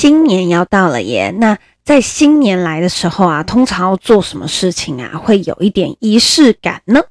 新年要到了耶！那在新年來的時候啊，通常要做什麼事情啊？會有一點儀式感呢？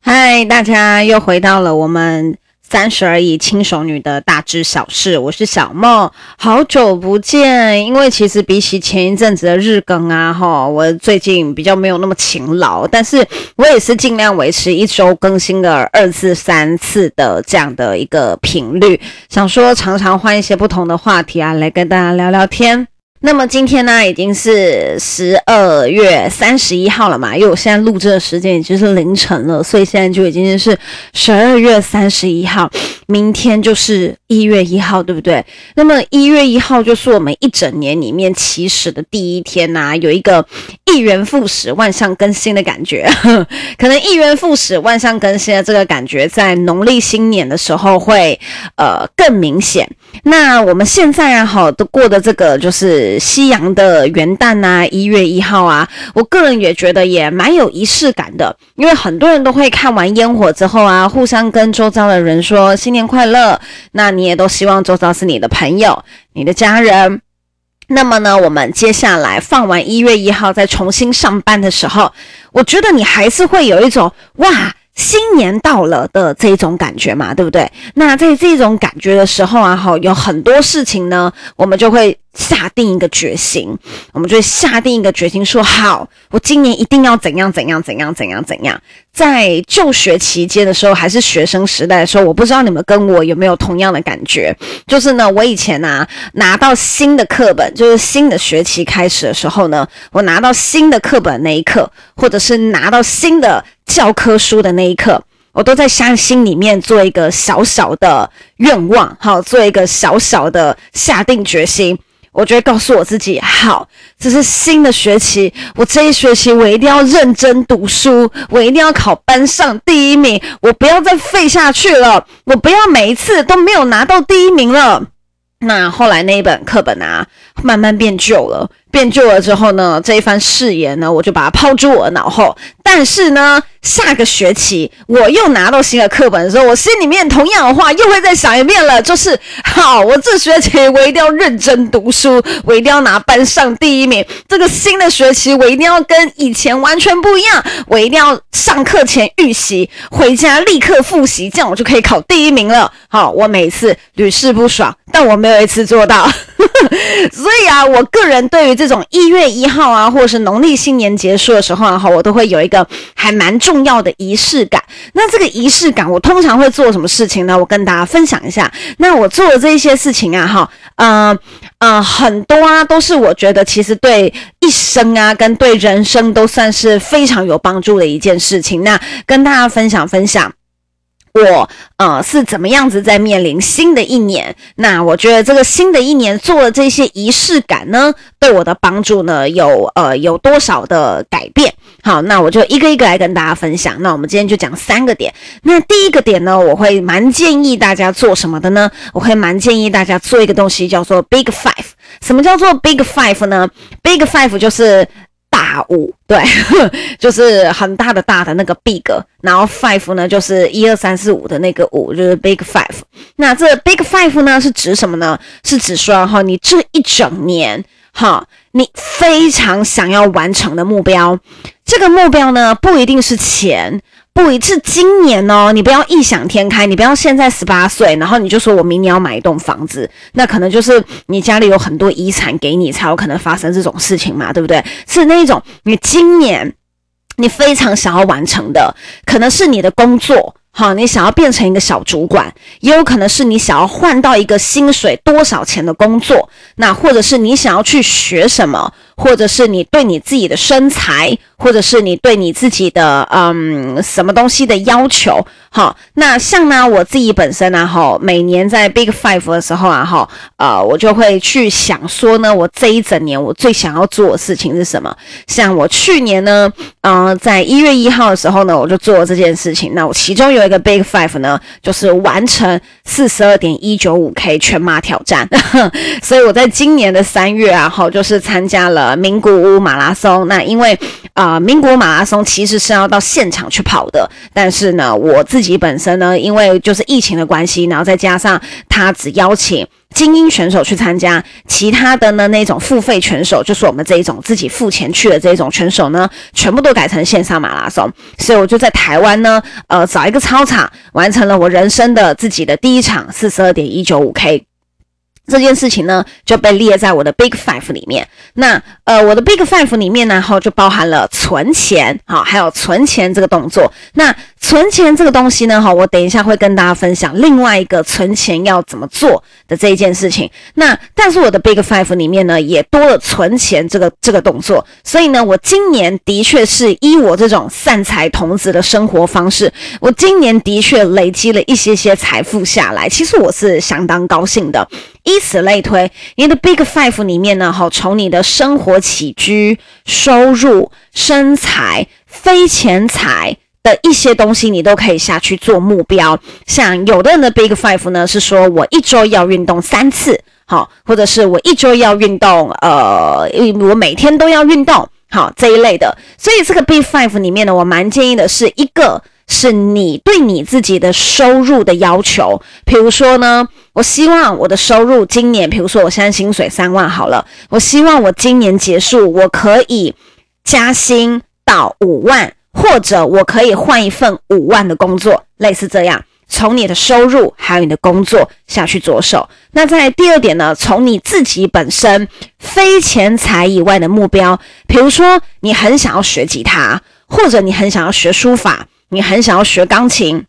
嗨，Hi, 大家又回到了我們。三十而已，輕熟女的大知小事，我是小夢，好久不見。因為其實比起前一陣子的日更啊，齁，我最近比較沒有那麼勤勞，但是我也是盡量維持一周更新個二次三次的這樣的一個頻率，想說常常換一些不同的話題啊，來跟大家聊聊天。那麼今天呢，已經是十二月三十一號了嘛？因為我現在錄製的時間已經是凌晨了，所以現在就已經是十二月三十一號。明天就是一月一號，對不對？那麼一月一號就是我們一整年裡面起始的第一天吶、啊，有一個一元復始、萬象更新的感覺。 可能一元復始、萬象更新的這個感覺，在農曆新年的時候會呃更明顯。那我們現在啊，好，都過的這個就是西洋的元旦吶、啊，一月一號啊，我個人也覺得也蠻有儀式感的，因為很多人都會看完煙火之後啊，互相跟周遭的人說新年。快樂，那你也都希望周遭是你的朋友、你的家人。那麼呢，我們接下來放完一月一號再重新上班的時候，我覺得你還是會有一種哇，新年到了的這種感覺嘛，對不對？那在這種感覺的時候啊，哈，有很多事情呢，我們就會。下定一個決心，我們就下定一個決心說，說好，我今年一定要怎樣怎樣怎樣怎樣怎樣。在就學期間的時候，還是學生時代的時候，我不知道你們跟我有沒有同樣的感覺，就是呢，我以前啊，拿到新的課本，就是新的學期開始的時候呢，我拿到新的課本的那一刻，或者是拿到新的教科書的那一刻，我都在在心裡面做一個小小的願望，哈，做一個小小的下定決心。我就會告訴我自己，好，這是新的學期，我這一學期我一定要認真讀書，我一定要考班上第一名，我不要再廢下去了，我不要每一次都沒有拿到第一名了。那後來那一本課本啊，慢慢變舊了。變舊了之後呢，這一番誓言呢，我就把它拋諸我的腦後。但是呢，下個學期我又拿到新的課本的時候，我心裡面同樣的話又會再想一遍了，就是好，我這學期我一定要認真讀書，我一定要拿班上第一名。這個新的學期我一定要跟以前完全不一樣，我一定要上課前預習，回家立刻復習，這樣我就可以考第一名了。好，我每次屢試不爽，但我沒有一次做到。 所以啊，我個人對於這種一月一號啊，或者是農曆新年結束的時候啊，哈，我都會有一個還蠻重要的儀式感。那這個儀式感，我通常會做什麼事情呢？我跟大家分享一下。那我做的這一些事情啊，哈，嗯、呃、嗯、呃，很多啊，都是我覺得其實對一生啊，跟對人生都算是非常有幫助的一件事情。那跟大家分享分享。我呃，是怎麼樣子在面臨新的一年？那我覺得這個新的一年做了這些儀式感呢，對我的幫助呢有呃，有多少的改變？好，那我就一個一個來跟大家分享。那我們今天就講三個點。那第一個點呢，我會蠻建議大家做什麼的呢？我會蠻建議大家做一個東西叫做 Big Five。什麼叫做 Big Five 呢？Big Five 就是。啊，五對，就是很大的大的那個 big，然後 five 呢就是一二三四五的那個五，就是 big five。那這 big five 呢是指什麼呢？是指說哈，你這一整年哈，你非常想要完成的目標，這個目標呢不一定是錢。不，是今年哦，你不要異想天開，你不要現在十八歲，然後你就說我明年要買一棟房子，那可能就是你家裡有很多遺產給你，才有可能發生這種事情嘛，對不對？是那種你今年你非常想要完成的，可能是你的工作，好，你想要變成一個小主管，也有可能是你想要換到一個薪水多少錢的工作，那或者是你想要去學什麼。或者是你對你自己的身材，或者是你對你自己的嗯什麼東西的要求。好，那像呢，我自己本身呢、啊，哈，每年在 Big Five 的時候啊，哈，呃，我就會去想說呢，我這一整年我最想要做的事情是什麼？像我去年呢，呃，在一月一號的時候呢，我就做了這件事情。那我其中有一個 Big Five 呢，就是完成四十二點一九五 K 全馬挑戰呵呵。所以我在今年的三月啊，哈，就是參加了名古屋馬拉松。那因為啊，呃、名古屋馬拉松其實是要到現場去跑的，但是呢，我自己自己本身呢，因為就是疫情的關係，然後再加上他只邀請精英選手去參加，其他的呢，那種付費選手，就是我們這一種自己付錢去的這一種選手呢，全部都改成線上馬拉松，所以我就在台灣呢，呃，找一個操場，完成了我人生的自己的第一場 42.195K。這件事情呢，就被列在我的 Big Five 裡面。那呃，我的 Big Five 裡面呢，哈，就包含了存錢啊，還有存錢這個動作。那存錢這個東西呢，哈，我等一下會跟大家分享另外一個存錢要怎麼做的這一件事情。那但是我的 Big Five 裡面呢，也多了存錢這個這個動作。所以呢，我今年的確是依我這種散財童子的生活方式，我今年的確累積了一些些財富下來。其實我是相當高興的。.以此類推，你的 Big Five 裡面呢，好，從你的生活起居、收入、身材、非錢財的一些東西，你都可以下去做目標。像有的人的 Big Five 呢，是說我一周要運動三次，好，或者是我一周要運動，呃，我每天都要運動，好，這一類的。所以這個 Big Five 裡面呢，我蠻建議的是一個，是你對你自己的收入的要求，譬如說呢。我希望我的收入今年，比如說我現在薪水三萬好了，我希望我今年結束，我可以加薪到五萬，或者我可以換一份五萬的工作，類似這樣。從你的收入還有你的工作下去着手。那在第二點呢，從你自己本身非錢財以外的目標，比如說你很想要學吉他，或者你很想要學書法，你很想要學鋼琴。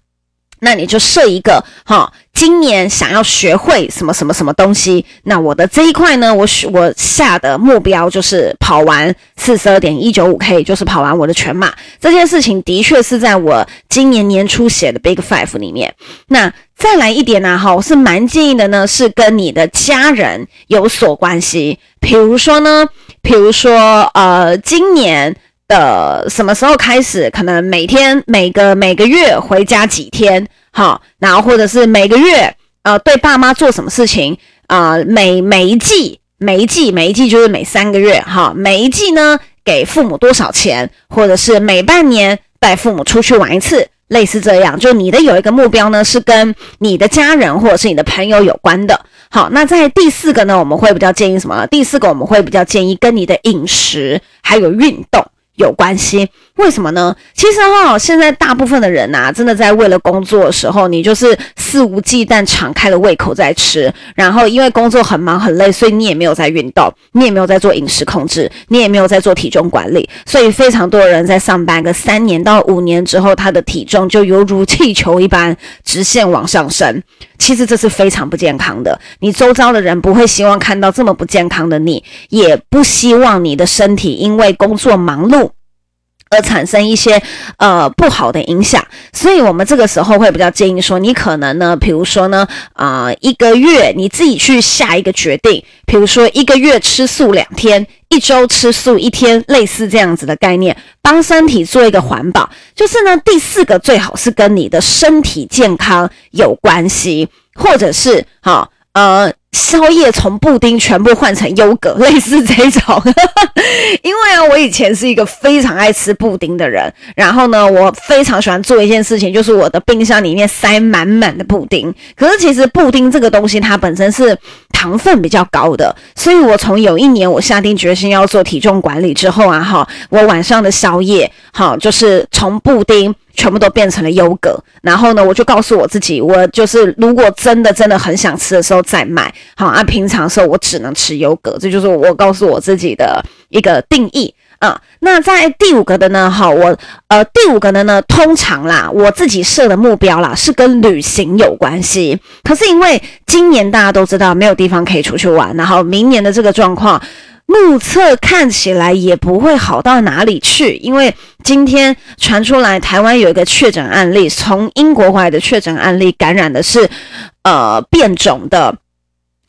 那你就設一個哈、哦，今年想要學會什麼什麼什麼東西。那我的這一塊呢，我我下的目標就是跑完四十二點一九五 K，就是跑完我的全馬。這件事情的確是在我今年年初寫的 Big Five 裡面。那再來一點呢、啊，哈、哦，我是蠻建議的呢，是跟你的家人有所關係。比如說呢，比如說呃，今年。呃，什麼時候開始？可能每天、每個、每個月回家幾天，哈，然後或者是每個月，呃，對爸媽做什麼事情啊，呃，每每一季、每一季、每一季就是每三個月，哈，每一季呢給父母多少錢，或者是每半年帶父母出去玩一次，類似這樣。就你的有一個目標呢，是跟你的家人或者是你的朋友有關的。好，那在第四個呢，我們會比較建議什麼呢？第四個我們會比較建議跟你的飲食還有運動有關係。為什麼呢？其實哈、哦，現在大部分的人吶、啊，真的在為了工作的時候，你就是肆無忌憚、敞開了胃口在吃，然後因為工作很忙很累，所以你也沒有在運動，你也沒有在做飲食控制，你也沒有在做體重管理，所以非常多的人在上班個三年到五年之後，他的體重就猶如氣球一般直線往上升。其實這是非常不健康的。你周遭的人不會希望看到這麼不健康的你，也不希望你的身體因為工作忙碌，而產生一些呃不好的影響，所以我們這個時候會比較建議說，你可能呢，比如說呢，啊、呃、一個月你自己去下一個決定，比如說一個月吃素兩天，一周吃素一天，類似這樣子的概念，幫身體做一個環保。就是呢，第四個最好是跟你的身體健康有關係，或者是好呃。宵夜從布丁全部換成優格，類似這種。 因為啊，我以前是一個非常愛吃布丁的人，然後呢，我非常喜歡做一件事情，就是我的冰箱裡面塞滿滿的布丁。可是其實布丁這個東西它本身是糖分比較高的，所以我從有一年我下定決心要做體重管理之後啊，哈，我晚上的宵夜，哈，就是從布丁。全部都變成了優格，然後呢，我就告訴我自己，我就是如果真的真的很想吃的時候再買，好啊，平常的時候我只能吃優格，這就是我告訴我自己的一個定義啊，嗯。那在第五個的呢，哈，我呃第五個的呢，通常啦，我自己設的目標啦是跟旅行有關係，可是因為今年大家都知道沒有地方可以出去玩，然後明年的這個狀況。目測看起來也不會好到哪裡去，因為今天傳出來台灣有一個確診案例，從英國回來的確診案例感染的是，呃，變種的。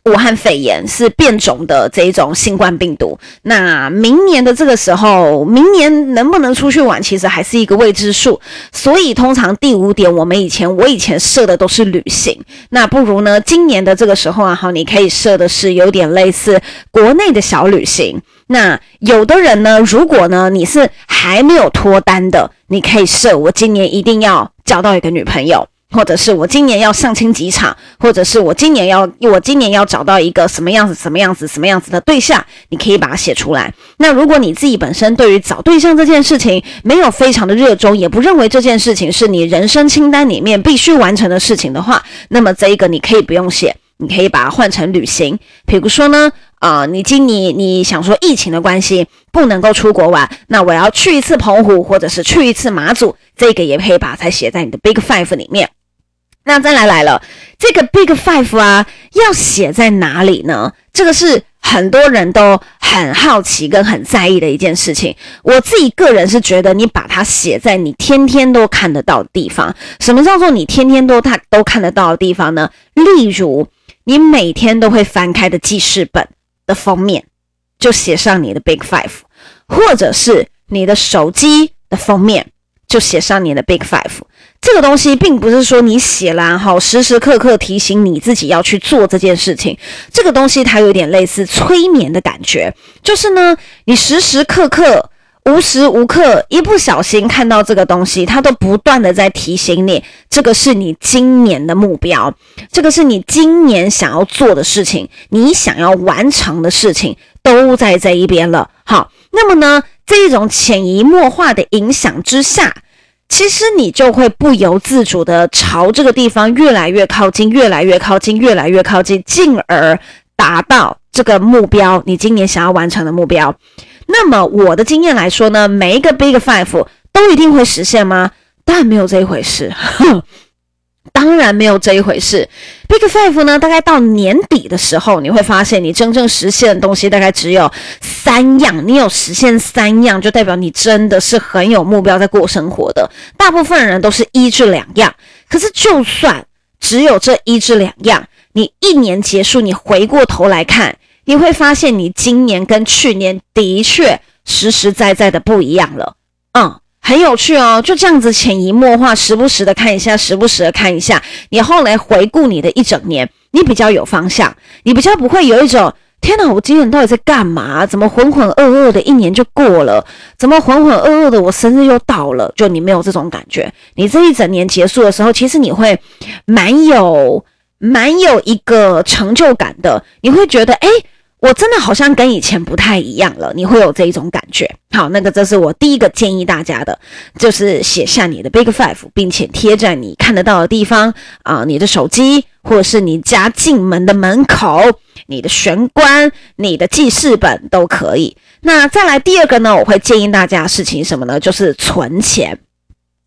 武漢肺炎是變種的這一種新冠病毒。那明年的這個時候，明年能不能出去玩，其實還是一個未知數。所以，通常第五點，我們以前我以前設的都是旅行。那不如呢，今年的這個時候啊，好，你可以設的是有點類似國內的小旅行。那有的人呢，如果呢你是還沒有脫單的，你可以設我今年一定要交到一個女朋友。或者是我今年要上清幾場，或者是我今年要我今年要找到一個什麼樣子什麼樣子什麼樣子的對象，你可以把它寫出來。那如果你自己本身對於找對象這件事情沒有非常的熱衷，也不認為這件事情是你人生清單裡面必須完成的事情的話，那麼這一個你可以不用寫，你可以把它換成旅行。比如說呢，啊、呃，你今年你，你想說疫情的關係不能夠出國玩，那我要去一次澎湖，或者是去一次馬祖，這個也可以把它寫在你的 Big Five 裡面。那再來來了，這個 Big Five 啊，要寫在哪裡呢？這個是很多人都很好奇跟很在意的一件事情。我自己個人是覺得，你把它寫在你天天都看得到的地方。什麼叫做你天天都看都看得到的地方呢？例如，你每天都會翻開的記事本的封面，就寫上你的 Big Five，或者是你的手機的封面，就寫上你的 Big Five。這個東西並不是說你寫了，好，時時刻刻提醒你自己要去做這件事情。這個東西它有點類似催眠的感覺，就是呢，你時時刻刻、無時無刻一不小心看到這個東西，它都不斷的在提醒你，這個是你今年的目標，這個是你今年想要做的事情，你想要完成的事情都在這一邊了。好，那麼呢，這一種潛移默化的影響之下。其實你就會不由自主地朝這個地方越來越靠近，越來越靠近，越來越靠近，越來越靠近，進而達到這個目標，你今年想要完成的目標。那麼我的經驗來說呢，每一個 Big Five 都一定會實現嗎？當然沒有這一回事，哼。當然沒有這一回事。Big Five 呢？大概到年底的時候，你會發現你真正實現的東西大概只有三樣。你有實現三樣，就代表你真的是很有目標在過生活的。大部分人都是一至兩樣。可是就算只有這一至兩樣，你一年結束，你回過頭來看，你會發現你今年跟去年的確實實在在的不一樣了。嗯。很有趣哦，就這樣子潛移默化，時不時的看一下，時不時的看一下。你後來回顧你的一整年，你比較有方向，你比較不會有一種天哪，我今年到底在幹嘛？怎麼渾渾噩噩的一年就過了？怎麼渾渾噩噩的，我生日又到了？就你沒有這種感覺，你這一整年結束的時候，其實你會蠻有蠻有一個成就感的，你會覺得哎。欸我真的好像跟以前不太一樣了，你會有這一種感覺。好，那個這是我第一個建議大家的，就是寫下你的 Big Five，並且貼在你看得到的地方啊、呃，你的手機，或者是你家進門的門口、你的玄關、你的記事本都可以。那再來第二個呢，我會建議大家的事情什麼呢？就是存錢。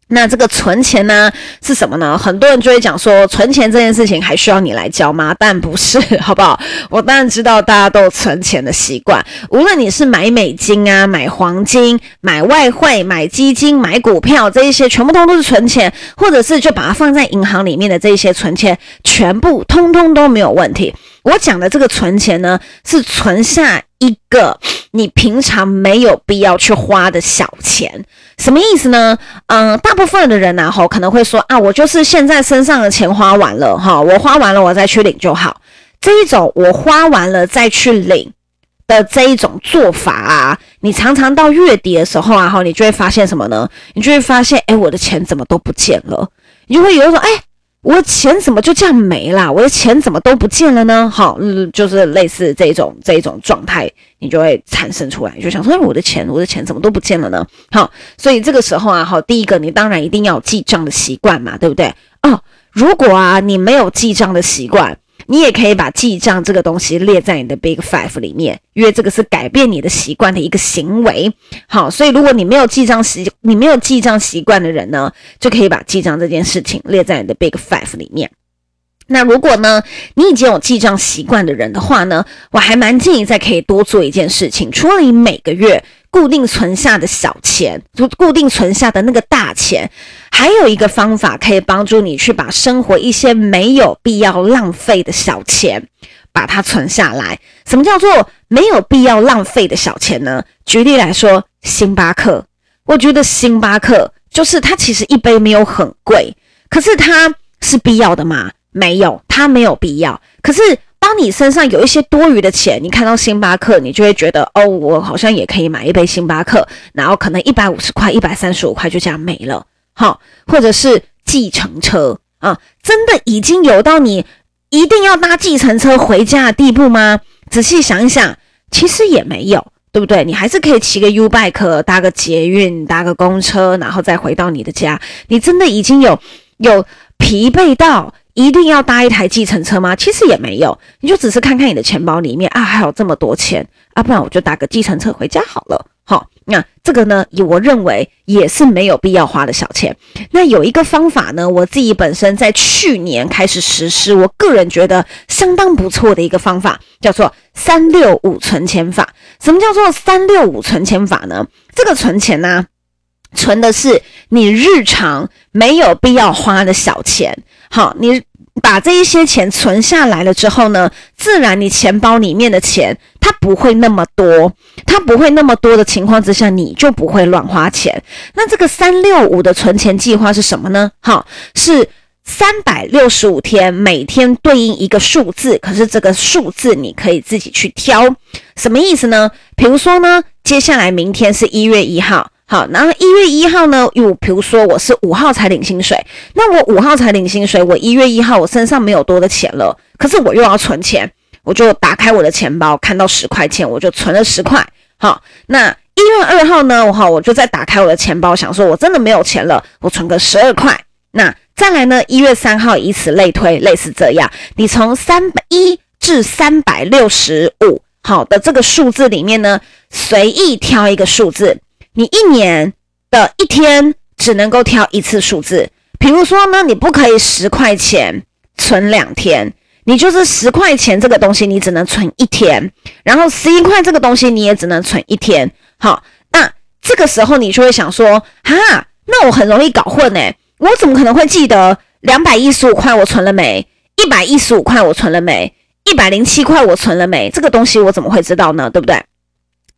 那這個存錢呢是什麼呢？很多人就會講說，存錢這件事情還需要你來教嗎？但不是，好不好？我當然知道大家都有存錢的習慣，無論你是買美金啊、買黃金、買外匯、買基金、買股票這一些，全部通通都是存錢，或者是就把它放在銀行裡面的這一些存錢，全部通通都沒有問題。我講的這個存錢呢，是存下。一個你平常沒有必要去花的小錢，什麼意思呢？嗯，大部分的人然後可能會說啊，我就是現在身上的錢花完了，哈，我花完了我再去領就好。這一種我花完了再去領的這一種做法，啊，你常常到月底的時候啊，哈，你就會發現什麼呢？你就會發現，哎，我的錢怎麼都不見了？你就會有一種，哎。我的錢怎麼就這樣沒了？我的錢怎麼都不見了呢？好，就是類似這種這種狀態，你就會產生出來，你就想說，我的錢，我的錢怎麼都不見了呢？好，所以這個時候啊，好，第一個，你當然一定要有記賬的習慣嘛，對不對？哦，如果啊，你沒有記賬的習慣。你也可以把記賬這個東西列在你的 Big Five 裡面，因為這個是改變你的習慣的一個行為。好，所以如果你沒有記賬習你沒有記賬習慣的人呢，就可以把記賬這件事情列在你的 Big Five 裡面。那如果呢，你已經有記賬習慣的人的話呢，我還蠻建議再可以多做一件事情，除了你每個月固定存下的小錢，就固定存下的那個大錢。還有一個方法可以幫助你去把生活一些沒有必要浪費的小錢，把它存下來。什麼叫做沒有必要浪費的小錢呢？舉例來說，星巴克，我覺得星巴克就是它其實一杯沒有很貴，可是它是必要的嗎？沒有，它沒有必要。可是當你身上有一些多餘的錢，你看到星巴克，你就會覺得哦，我好像也可以買一杯星巴克，然後可能一百五十塊、一百三十五塊就這樣沒了。好，或者是計程車啊，真的已經有到你一定要搭計程車回家的地步嗎？仔細想一想，其實也沒有，對不對？你還是可以騎個 U bike，搭個捷運，搭個公車，然後再回到你的家。你真的已經有有疲憊到一定要搭一台計程車嗎？其實也沒有，你就只是看看你的錢包裡面啊，還有這麼多錢啊，不然我就搭個計程車回家好了。那、啊、這個呢，我認為也是沒有必要花的小錢。那有一個方法呢，我自己本身在去年開始實施，我個人覺得相當不錯的一個方法，叫做“三六五存錢法”。什麼叫做“三六五存錢法”呢？這個存錢呢、啊，存的是你日常沒有必要花的小錢。好，你。把這一些錢存下來了之後呢，自然你錢包裡面的錢，它不會那麼多，它不會那麼多的情況之下，你就不會亂花錢。那這個三六五的存錢計劃是什麼呢？哈，是三百六十五天，每天對應一個數字，可是這個數字你可以自己去挑。什麼意思呢？比如說呢，接下來明天是一月一號。好，然後一月一號呢，有，比如說我是五號才領薪水，那我五號才領薪水，我一月一號我身上沒有多的錢了，可是我又要存錢，我就打開我的錢包，看到十塊錢，我就存了十塊。好，那一月二號呢？我好，我就再打開我的錢包，想說我真的沒有錢了，我存個十二塊。那再來呢？一月三號，以此類推，類似這樣。你從一至三百六十五好的這個數字裡面呢，隨意挑一個數字。你一年的一天只能夠挑一次數字，比如說呢，你不可以十塊錢存兩天，你就是十塊錢這個東西你只能存一天，然後十一塊這個東西你也只能存一天。好，那這個時候你就會想說，哈，那我很容易搞混欸，我怎麼可能會記得兩百一十五塊我存了沒，一百一十五塊我存了沒，一百零七塊我存了沒？這個東西我怎麼會知道呢？對不對？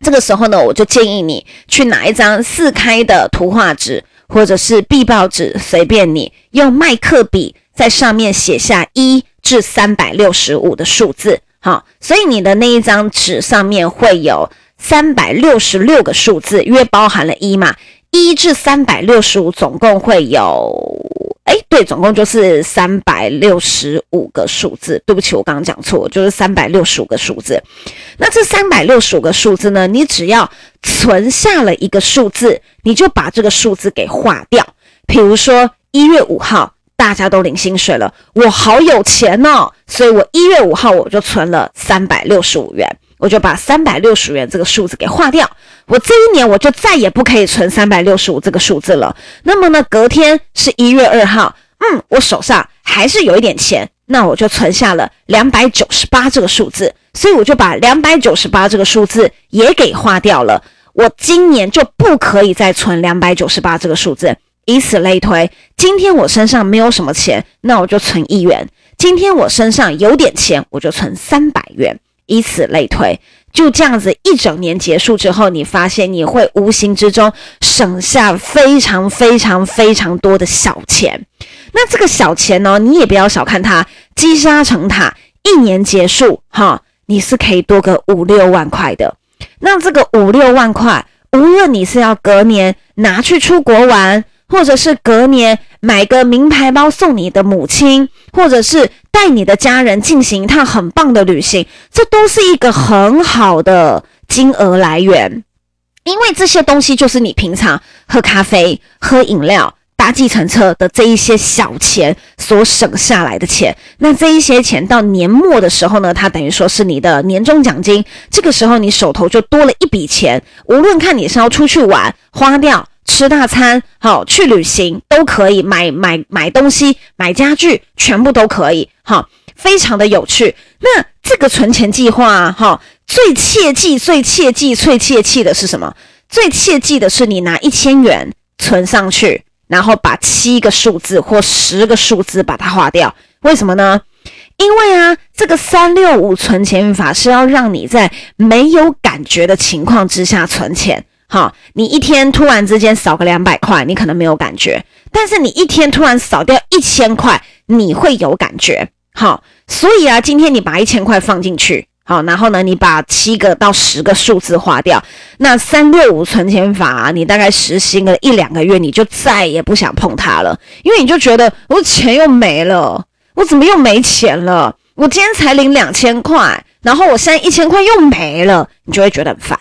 這個時候呢，我就建議你去拿一張四開的圖畫紙，或者是壁報紙，隨便你用，麥克筆在上面寫下一至三百六十五的數字，好，所以你的那一張紙上面會有三百六十六個數字，因為包含了一嘛，一至三百六十五總共會有。哎、欸，對，總共就是三百六十五個數字。對不起，我剛剛講錯，就是三百六十五個數字。那這三百六十五個數字呢，你只要存下了一個數字，你就把這個數字給劃掉。比如說一月五號，大家都領薪水了，我好有錢哦，所以我一月五號我就存了三百六十五元。我就把三百六十元這個數字給劃掉，我這一年我就再也不可以存三百六十五這個數字了。那麼呢，隔天是一月二號，嗯，我手上還是有一點錢，那我就存下了兩百九十八這個數字，所以我就把兩百九十八這個數字也給劃掉了。我今年就不可以再存兩百九十八這個數字，以此類推。今天我身上沒有什麼錢，那我就存一元；今天我身上有點錢，我就存三百元。以此類推，就這樣子一整年結束之後，你發現你會無形之中省下非常非常非常多的小錢。那這個小錢呢、哦，你也不要小看它，積沙成塔，一年結束哈、哦，你是可以多個五六萬塊的。那這個五六萬塊，無論你是要隔年拿去出國玩，或者是隔年。買個名牌包送你的母親，或者是帶你的家人進行一趟很棒的旅行，這都是一個很好的金額來源，因為這些東西就是你平常喝咖啡、喝飲料、搭計程車的這一些小錢所省下來的錢。那這一些錢到年末的時候呢，它等於說是你的年終獎金，這個時候你手頭就多了一筆錢，無論看你是要出去玩，花掉。吃大餐，好，去旅行都可以，買買買東西，買家具，全部都可以，好，非常的有趣。那這個存錢計劃、啊，哈，最切忌、最切忌、最切忌的是什麼？最切忌的是你拿一千元存上去，然後把七個數字或十個數字把它劃掉。為什麼呢？因為啊，這個三六五存錢法是要讓你在沒有感覺的情況之下存錢。好，你一天突然之間少個兩百塊，你可能沒有感覺；但是你一天突然少掉一千塊，你會有感覺。好，所以啊，今天你把一千塊放進去，好，然後呢，你把七個到十個數字花掉，那三六五存錢法、啊，你大概實行了一兩個月，你就再也不想碰它了，因為你就覺得我錢又沒了，我怎麼又沒錢了？我今天才領兩千塊，然後我現在一千塊又沒了，你就會覺得很煩。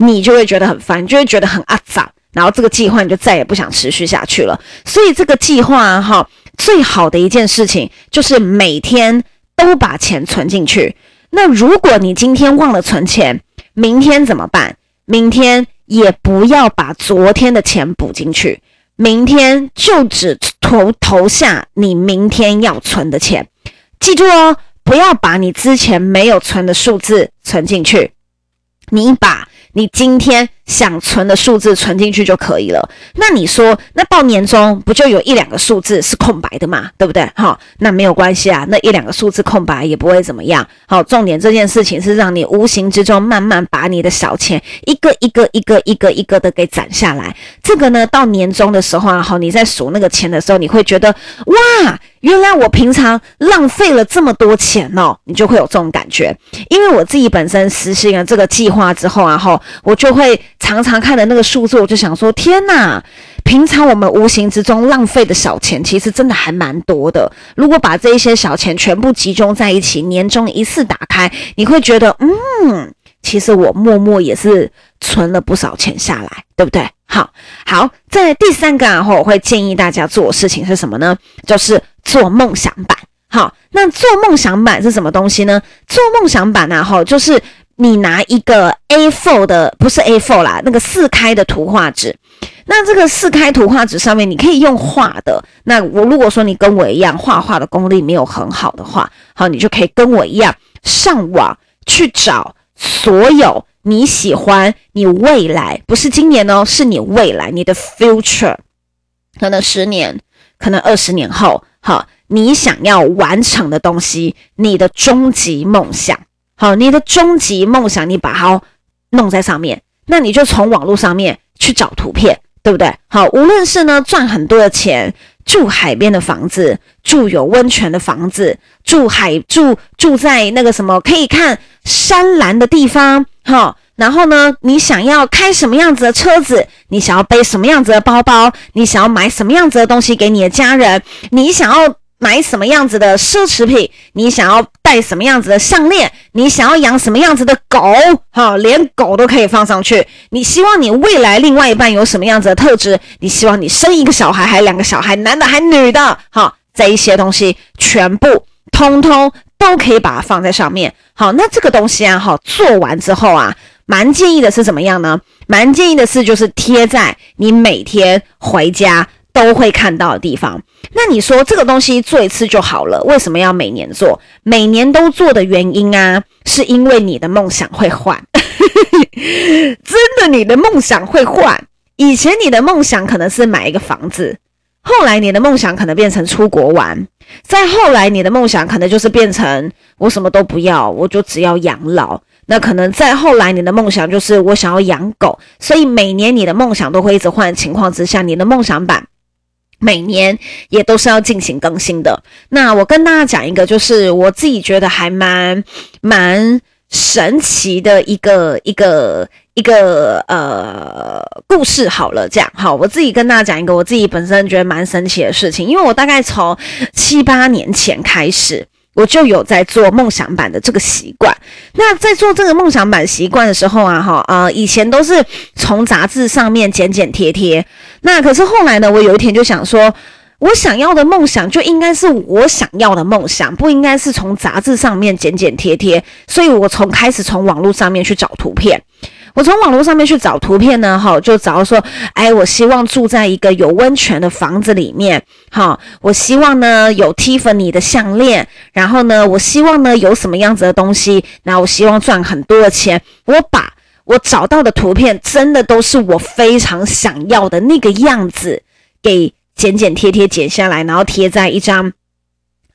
你就會覺得很煩，你就會覺得很阿雜，然後這個計劃你就再也不想持續下去了。所以這個計劃哈、啊，最好的一件事情就是每天都把錢存進去。那如果你今天忘了存錢，明天怎麼辦？明天也不要把昨天的錢補進去，明天就只投投下你明天要存的錢。記住哦，不要把你之前沒有存的數字存進去，你把。你今天。想存的數字存進去就可以了。那你說，那到年終不就有一兩個數字是空白的嘛？對不對？好、哦，那沒有關係啊，那一兩個數字空白也不會怎麼樣。好、哦，重點這件事情是讓你無形之中慢慢把你的小錢一個一個一個一個一個、一個的給攢下來。這個呢，到年終的時候啊，好，你在數那個錢的時候，你會覺得哇，原來我平常浪費了這麼多錢哦，你就會有這種感覺。因為我自己本身實行了這個計劃之後啊，哈，我就會。常常看的那個數字，我就想說，天哪！平常我們無形之中浪費的小錢，其實真的還蠻多的。如果把這一些小錢全部集中在一起，年終一次打開，你會覺得，嗯，其實我默默也是存了不少錢下來，對不對？好，好，在第三個然後啊，我會建議大家做的事情是什麼呢？就是做夢想版。好，那做夢想版是什麼東西呢？做夢想版啊，哈，就是。你拿一個 A4 的，不是 A4 啦，那個四開的圖畫紙。那這個四開圖畫紙上面，你可以用畫的。那我如果說你跟我一樣，畫畫的功力沒有很好的話，好，你就可以跟我一樣上網去找所有你喜歡，你未來不是今年哦，是你未來，你的 future，可能十年，可能二十年後，好，你想要完成的東西，你的終極夢想。好，你的終極夢想，你把它弄在上面，那你就從網絡上面去找圖片，對不對？好，無論是呢賺很多的錢，住海邊的房子，住有溫泉的房子，住海住住在那個什麼可以看山嵐的地方，哈，然後呢，你想要開什麼樣子的車子？你想要背什麼樣子的包包？你想要買什麼樣子的東西給你的家人？你想要？買什麼樣子的奢侈品？你想要戴什麼樣子的項鏈？你想要養什麼樣子的狗？哈，連狗都可以放上去。你希望你未來另外一半有什麼樣子的特質？你希望你生一個小孩還是兩個小孩？男的還女的？哈，這一些東西全部通通都可以把它放在上面。好，那這個東西啊，哈，做完之後啊，蠻建議的是怎麼樣呢？蠻建議的是就是貼在你每天回家。都會看到的地方。那你說這個東西做一次就好了，為什麼要每年做？每年都做的原因啊，是因為你的夢想會換。 真的，你的夢想會換。以前你的夢想可能是買一個房子，後來你的夢想可能變成出國玩，再後來你的夢想可能就是變成我什麼都不要，我就只要養老。那可能再後來你的夢想就是我想要養狗。所以每年你的夢想都會一直換的情況之下，你的夢想板。每年也都是要進行更新的。那我跟大家講一個，就是我自己覺得還蠻蠻神奇的一個一個一個呃故事好。好了，這樣哈，我自己跟大家講一個我自己本身覺得蠻神奇的事情，因為我大概從七八年前開始。我就有在做夢想版的這個習慣。那在做這個夢想版習慣的時候啊，哈、呃、啊，以前都是從雜誌上面剪剪貼貼。那可是後來呢，我有一天就想說，我想要的夢想就應該是我想要的夢想，不應該是從雜誌上面剪剪貼貼。所以我從開始從網絡上面去找圖片。我從網絡上面去找圖片呢，哈，就找到說，哎，我希望住在一個有溫泉的房子裡面。好、哦，我希望呢有 Tiffany 的項鏈，然後呢，我希望呢有什麼樣子的東西，那我希望賺很多的錢。我把我找到的圖片，真的都是我非常想要的那個樣子，給剪剪貼貼剪下來，然後貼在一張，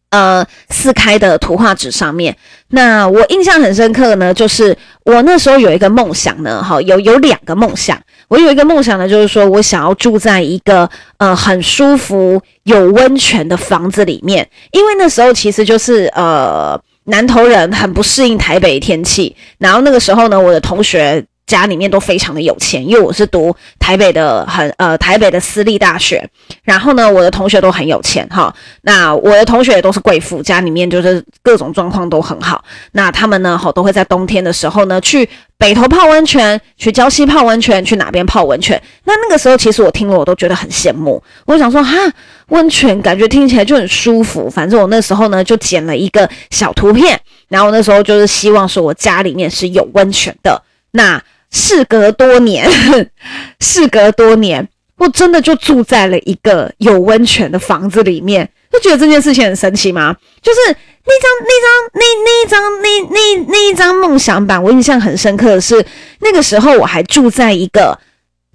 呃，四開的圖畫紙上面。那我印象很深刻呢，就是。我那時候有一個夢想呢，哈，有有兩個夢想。我有一個夢想呢，就是說我想要住在一個呃很舒服、有溫泉的房子裡面，因為那時候其實就是呃南投人很不適應台北天氣，然後那個時候呢，我的同學。家裡面都非常的有錢，因為我是讀台北的很呃台北的私立大學，然後呢，我的同學都很有錢哈，那我的同學也都是貴婦，家裡面就是各種狀況都很好，那他們呢好，都會在冬天的時候呢去北投泡溫泉，去礁溪泡溫泉，去哪邊泡溫泉，那那個時候其實我聽了我都覺得很羨慕，我想說哈溫泉感覺聽起來就很舒服，反正我那時候呢就剪了一個小圖片，然後那時候就是希望說我家裡面是有溫泉的那。事隔多年， 事隔多年，我真的就住在了一個有溫泉的房子裡面。就覺得這件事情很神奇嗎？就是那張、那張、那那一張、那那那一張夢想版，我印象很深刻的是，那個時候我還住在一個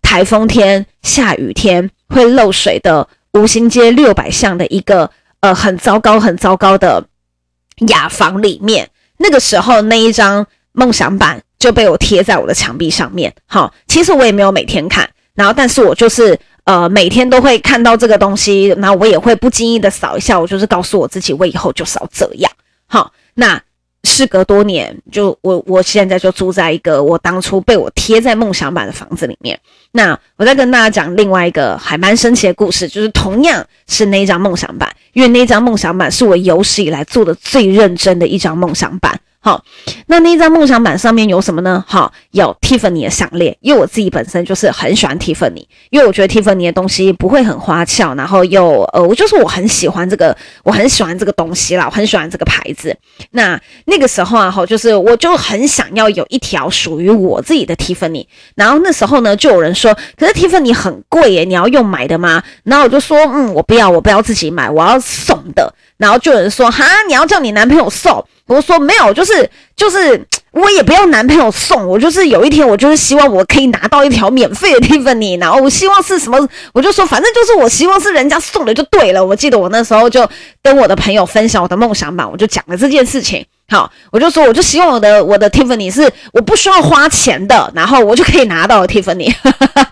台風天、下雨天會漏水的吳興街六百巷的一個呃很糟糕、很糟糕，很糟糕的雅房裡面。那個時候那一張夢想版。就被我貼在我的牆壁上面，好，其實我也沒有每天看，然後但是我就是呃每天都會看到這個東西，那我也會不經意的掃一下，我就是告訴我自己，我以後就少這樣。好、哦，那事隔多年，就我我現在就住在一個我當初被我貼在夢想板的房子裡面。那我再跟大家講另外一個還蠻神奇的故事，就是同樣是那一張夢想板，因為那張夢想板是我有史以來做的最認真的一張夢想板。好，那那一張夢想板上面有什麼呢？好，有 Tiffany 的項鏈，因為我自己本身就是很喜歡 Tiffany，因為我覺得 Tiffany 的東西不會很花俏，然後又呃，我就是我很喜歡這個，我很喜歡這個東西啦，我很喜歡這個牌子。那那個時候啊，哈，就是我就很想要有一條屬於我自己的 Tiffany，然後那時候呢，就有人說，可是 Tiffany 很貴耶、欸，你要用買的嗎？然後我就說，嗯，我不要，我不要自己買，我要送的。然後就有人說：“哈，你要叫你男朋友送？”我說：“沒有，就是就是，我也不要男朋友送。我就是有一天，我就是希望我可以拿到一條免費的 Tiffany。然後我希望是什麼？我就說，反正就是我希望是人家送的就對了。我記得我那時候就跟我的朋友分享我的夢想嘛，我就講了這件事情。好，我就說，我就希望我的我的 Tiffany 是我不需要花錢的，然後我就可以拿到了 Tiffany，呵呵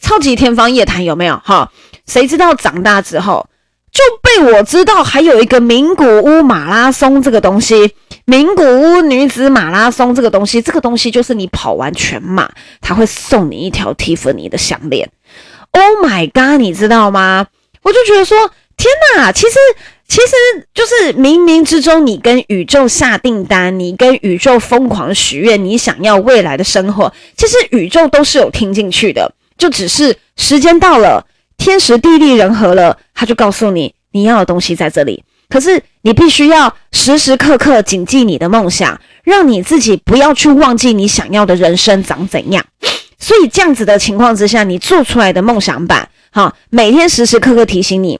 超級天方夜譚，有沒有？哈，誰知道長大之後？”就被我知道，還有一個名古屋馬拉松這個東西，名古屋女子馬拉松這個東西。這個東西就是你跑完全馬，他會送你一條 Tiffany 的項鏈。Oh my God，你知道嗎？我就覺得說，天哪！其實，其實就是冥冥之中，你跟宇宙下訂單，你跟宇宙瘋狂許願，你想要未來的生活，其實宇宙都是有聽進去的，就只是時間到了。天時地利人和了，他就告訴你，你要的東西在這裡。可是你必須要時時刻刻謹記你的夢想，讓你自己不要去忘記你想要的人生長怎樣。所以這樣子的情況之下，你做出來的夢想板，哈、啊，每天時時刻刻提醒你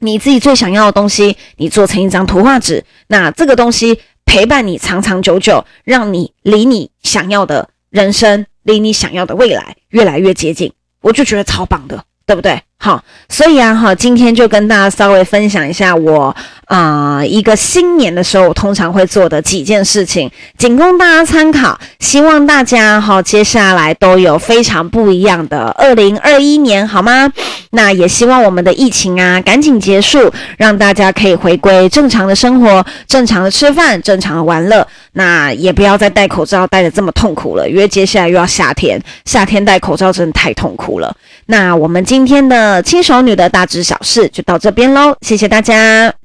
你自己最想要的東西，你做成一張圖畫紙，那這個東西陪伴你長長久久，讓你離你想要的人生，離你想要的未來越來越接近，我就覺得超棒的。對不對？好，所以啊，哈，今天就跟大家稍微分享一下我啊、呃、一個新年的時候，我通常會做的幾件事情，僅供大家參考。希望大家哈、哦、接下來都有非常不一樣的二零二一年，好嗎？那也希望我們的疫情啊趕緊結束，讓大家可以回歸正常的生活，正常的吃飯，正常的玩樂。那也不要再戴口罩戴得這麼痛苦了，因為接下來又要夏天，夏天戴口罩真的太痛苦了。那我們今天的。呃，輕熟女的大事小事就到這邊嘍，謝謝大家。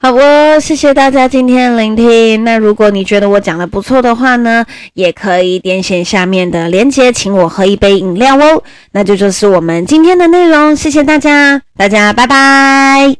好哦，謝謝大家今天聆聽。那如果你覺得我講得不錯的話呢，也可以點選下面的連接，請我喝一杯飲料哦。那就就是我們今天的內容，謝謝大家，大家拜拜。